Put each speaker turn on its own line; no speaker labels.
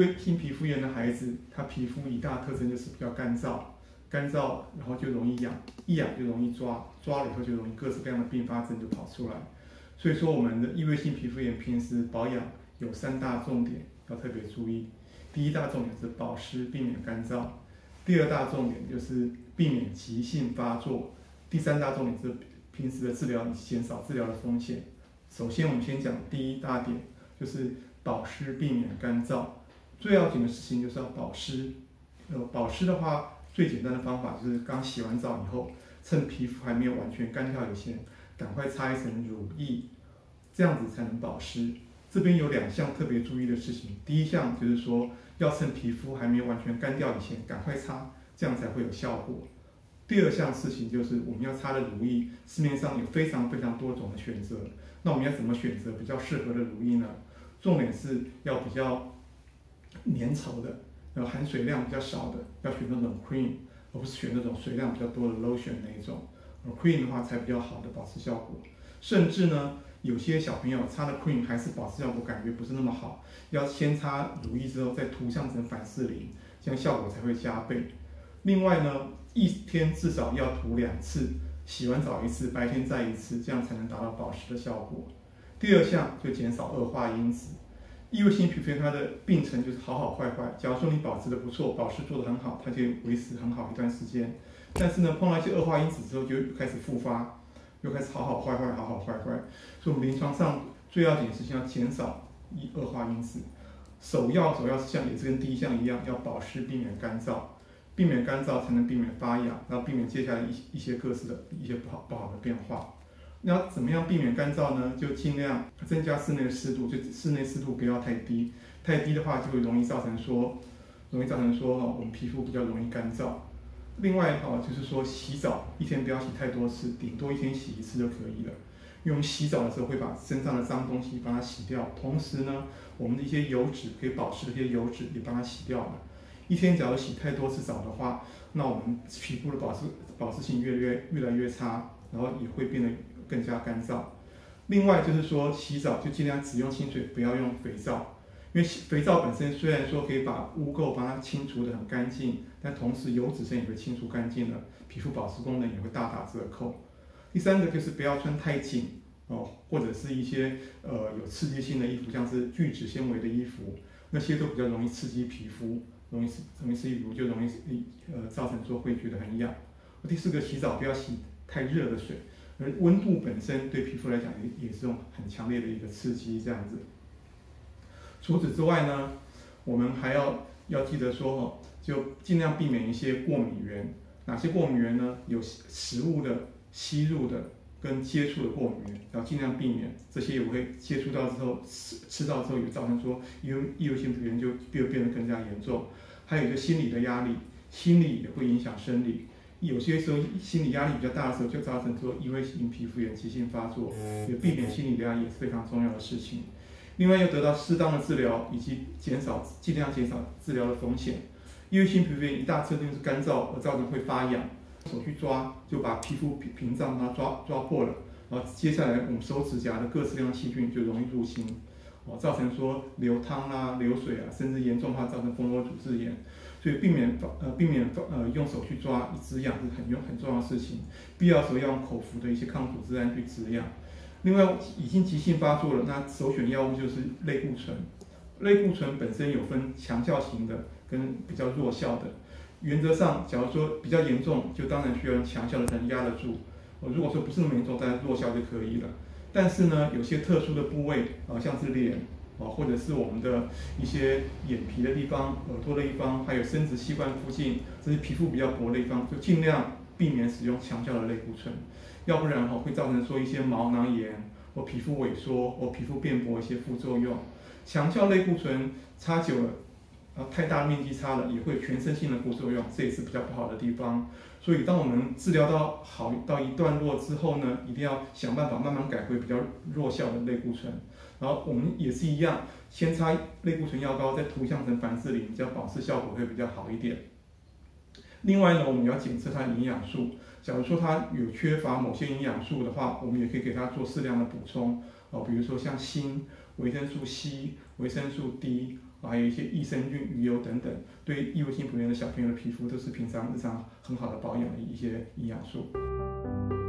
異位性皮膚炎的孩子，他皮膚一大特徵就是比較乾燥，乾燥，然後就容易癢，一癢就容易抓，抓了以後就容易各式各樣的併發症就跑出來。所以說，我們的異位性皮膚炎平時保養有三大重點要特別注意。第一大重點是保濕，避免乾燥；第二大重點就是避免急性發作；第三大重點是平時的治療，以及減少治療的風險。首先，我們先講第一大點，就是保濕，避免乾燥。最要緊的事情就是要保濕。呃，保濕的話，最簡單的方法就是剛洗完澡以後，趁皮膚還沒有完全乾掉以前，趕快擦一層乳液，這樣子才能保濕。這邊有兩項特別注意的事情，第一項就是說，要趁皮膚還沒有完全乾掉以前，趕快擦，這樣才會有效果。第二項事情就是，我們要擦的乳液，市面上有非常非常多種的選擇。那我們要怎麼選擇比較適合的乳液呢？重點是要比較。粘稠的，然後含水量比較少的，要選那種 cream，而不是選那種水量比較多的 lotion 那一種。而 cream 的話才比較好的保濕效果。甚至呢，有些小朋友擦了 cream 還是保濕效果感覺不是那麼好，要先擦乳液之後再塗上層凡士林，這樣效果才會加倍。另外呢，一天至少要塗兩次，洗完澡一次，白天再一次，這樣才能達到保濕的效果。第二項就減少惡化因子。異位性皮膚炎它的病程就是好好壞壞。假如說你保濕的不錯，保濕做的很好，它就維持很好一段時間。但是呢，碰到一些惡化因子之後，就開始復發，又開始好好壞壞，好好壞壞。所以我們臨床上最要緊的事情要減少一惡化因子。首要，首要事項也是跟第一項一樣，要保濕，避免乾燥，避免乾燥才能避免發癢，然後避免接下來一一些各式的一些不好不好的變化。那怎麼樣避免乾燥呢？就盡量增加室內的濕度，就室內濕度不要太低，太低的話就會容易造成說，容易造成說哈，我們皮膚比較容易乾燥。另外啊，就是說洗澡一天不要洗太多次，頂多一天洗一次就可以了。因為我們洗澡的時候會把身上的髒東西把它洗掉，同時呢，我們的一些油脂可以保濕的一些油脂也把它洗掉了。一天假如洗太多次澡的話，那我們皮膚的保濕保濕性越來越越來越差，然後也會變得。更加乾燥。另外就是說，洗澡就儘量只用清水，不要用肥皂，因為肥皂本身雖然說可以把污垢幫它清除得很乾淨，但同時油脂性也會清除乾淨了，皮膚保濕功能也會大打折扣。第三個就是不要穿太緊哦，或者是一些呃有刺激性的衣服，像是聚酯纖維的衣服，那些都比較容易刺激皮膚，容易容易刺激皮膚，就容易呃造成說會覺得很癢。第四個，洗澡不要洗太熱的水。溫度本身對皮膚來講也也是種很強烈的一個刺激這樣子除此之外呢我們還要要記得說哦就盡量避免一些過敏原哪些過敏原呢有食物的吸入的跟接觸的過敏原要盡量避免這些也會接觸到之後吃吃到之後也造成說一些異位性皮膚炎就變變得更加嚴重還有一個心理的壓力心理也會影響生理有些時候心理壓力比較大的時候，就造成說異位性皮膚炎急性發作。也避免心理壓力也是非常重要的事情。另外要得到適當的治療，以及減少儘量減少治療的風險。異位性皮膚炎一大特徵就是乾燥，而造成會發癢，手去抓就把皮膚皮屏障它抓抓破了，然後接下來我們手指甲的各式各樣細菌就容易入侵。哦，造成說流湯啊、流水啊，甚至嚴重的話造成蜂窩組織炎，所以避免發呃避免發呃用手去抓止癢是很用很重要的事情，必要時候要用口服的一些抗組織胺去止癢。另外，已經急性發作了，那首選藥物就是類固醇。類固醇本身有分強效型的跟比較弱效的，原則上假如說比較嚴重，就當然需要用強效的才能壓得住。如果說不是那麼嚴重，但弱效就可以了。但是呢，有些特殊的部位啊，像是臉啊，或者是我們的一些眼皮的地方、耳朵的地方，還有生殖器官附近，這些皮膚比較薄的地方，就盡量避免使用強效的類固醇，要不然哈會造成說一些毛囊炎或皮膚萎縮或皮膚變薄一些副作用。強效類固醇擦久了。然後太大面積擦了，也會全身性的副作用，這也是比較不好的地方。所以當我們治療到好到一段落之後呢，一定要想辦法慢慢改回比較弱效的類固醇。然後我們也是一樣，先擦類固醇藥膏，再塗上層凡士林，這樣保濕效果會比較好一點。另外呢，我們要檢測它的營養素。假如說它有缺乏某些營養素的話，我們也可以給它做適量的補充。哦，比如說像鋅、維生素 C、維生素 D。還有一些益生菌、魚油等等，對異位性不耐的小朋友的皮膚都是平常日常很好的保養的一些營養素。